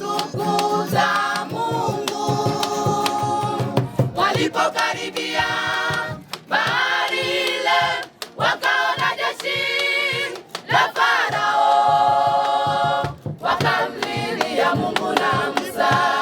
kumtukuza Mungu. Walipokaribia bahari ile, wakaona jeshi la Farao, wakamlilia Mungu na Musa.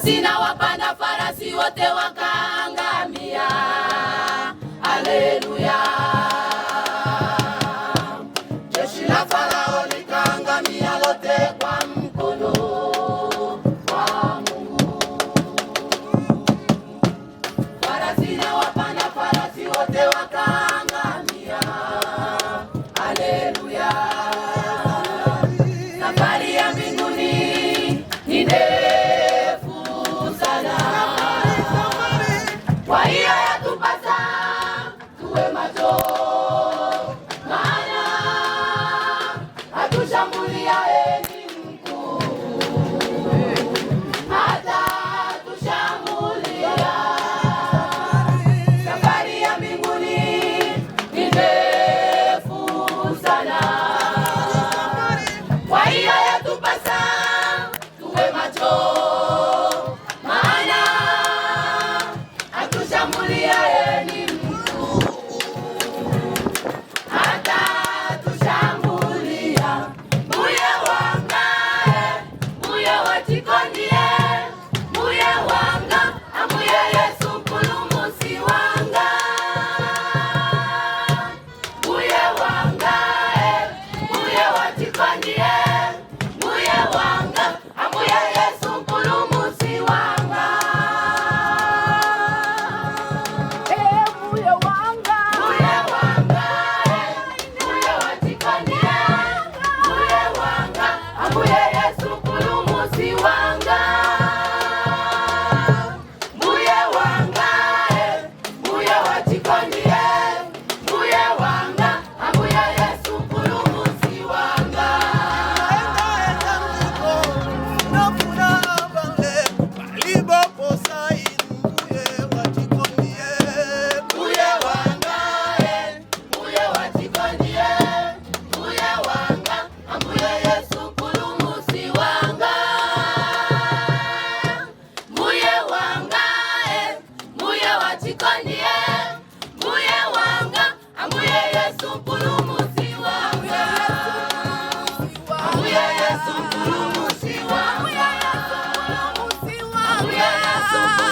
farasi na wapanda farasi wote wakaangamia. Haleluya. Ah!